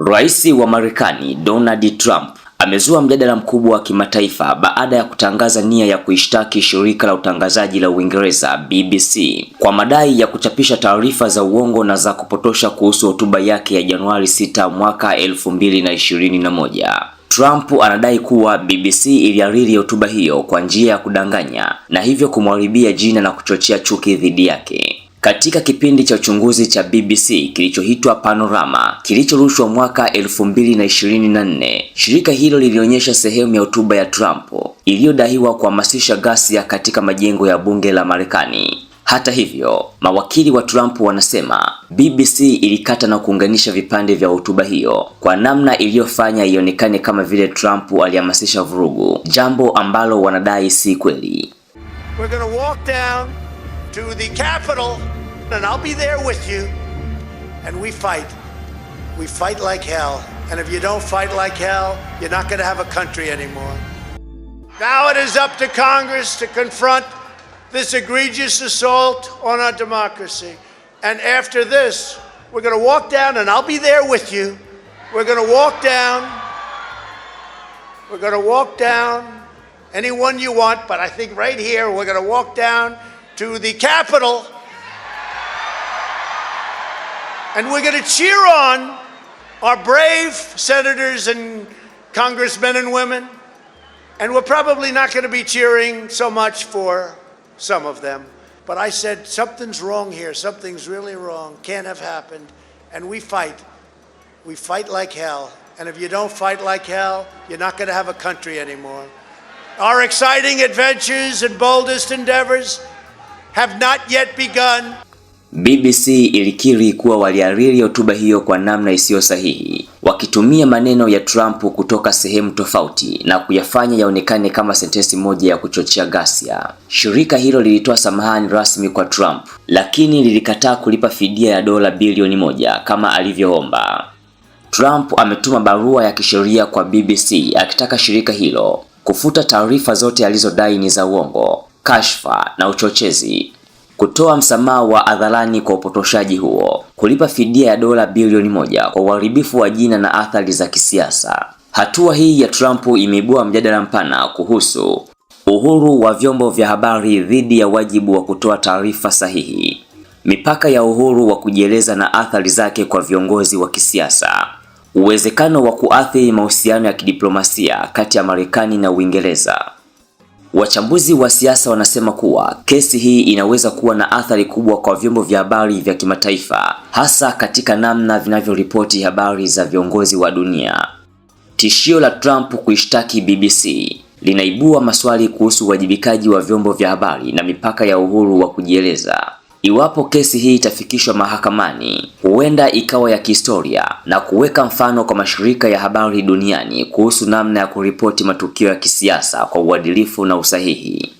Rais wa Marekani Donald Trump amezua mjadala mkubwa wa kimataifa baada ya kutangaza nia ya kuishtaki shirika la utangazaji la Uingereza BBC kwa madai ya kuchapisha taarifa za uongo na za kupotosha kuhusu hotuba yake ya Januari 6 mwaka 2021. Trump anadai kuwa BBC ilihariri hotuba hiyo kwa njia ya kudanganya na hivyo kumharibia jina na kuchochea chuki dhidi yake. Katika kipindi cha uchunguzi cha BBC kilichoitwa Panorama kilichorushwa mwaka 2024, shirika hilo lilionyesha sehemu ya hotuba ya Trump iliyodaiwa kuhamasisha ghasia katika majengo ya bunge la Marekani. Hata hivyo, mawakili wa Trump wanasema BBC ilikata na kuunganisha vipande vya hotuba hiyo kwa namna iliyofanya ionekane kama vile Trump alihamasisha vurugu, jambo ambalo wanadai si kweli. We're gonna walk down. to the Capitol, and I'll be there with you. And we fight. We fight like hell. And if you don't fight like hell, you're not going to have a country anymore. Now it is up to Congress to confront this egregious assault on our democracy. And after this, we're going to walk down, and I'll be there with you. We're going to walk down. We're going to walk down anyone you want, but I think right here, we're going to walk down to the Capitol. And we're going to cheer on our brave senators and congressmen and women. And we're probably not going to be cheering so much for some of them. But I said, something's wrong here. Something's really wrong. Can't have happened. And we fight. We fight like hell. And if you don't fight like hell, you're not going to have a country anymore. Our exciting adventures and boldest endeavors have not yet begun. BBC ilikiri kuwa walihariri hotuba hiyo kwa namna isiyo sahihi, wakitumia maneno ya Trump kutoka sehemu tofauti na kuyafanya yaonekane kama sentensi moja ya kuchochea ghasia. Shirika hilo lilitoa samahani rasmi kwa Trump, lakini lilikataa kulipa fidia ya dola bilioni moja kama alivyoomba. Trump ametuma barua ya kisheria kwa BBC akitaka shirika hilo kufuta taarifa zote alizodai ni za uongo kashfa na uchochezi, kutoa msamaha wa hadharani kwa upotoshaji huo, kulipa fidia ya dola bilioni moja kwa uharibifu wa jina na athari za kisiasa. Hatua hii ya Trump imeibua mjadala mpana kuhusu uhuru wa vyombo vya habari dhidi ya wajibu wa kutoa taarifa sahihi, mipaka ya uhuru wa kujieleza na athari zake kwa viongozi wa kisiasa, uwezekano wa kuathiri mahusiano ya kidiplomasia kati ya Marekani na Uingereza. Wachambuzi wa siasa wanasema kuwa kesi hii inaweza kuwa na athari kubwa kwa vyombo vya habari vya kimataifa, hasa katika namna vinavyoripoti habari za viongozi wa dunia. Tishio la Trump kuishtaki BBC linaibua maswali kuhusu uwajibikaji wa vyombo vya habari na mipaka ya uhuru wa kujieleza. Iwapo kesi hii itafikishwa mahakamani, huenda ikawa ya kihistoria na kuweka mfano kwa mashirika ya habari duniani kuhusu namna ya kuripoti matukio ya kisiasa kwa uadilifu na usahihi.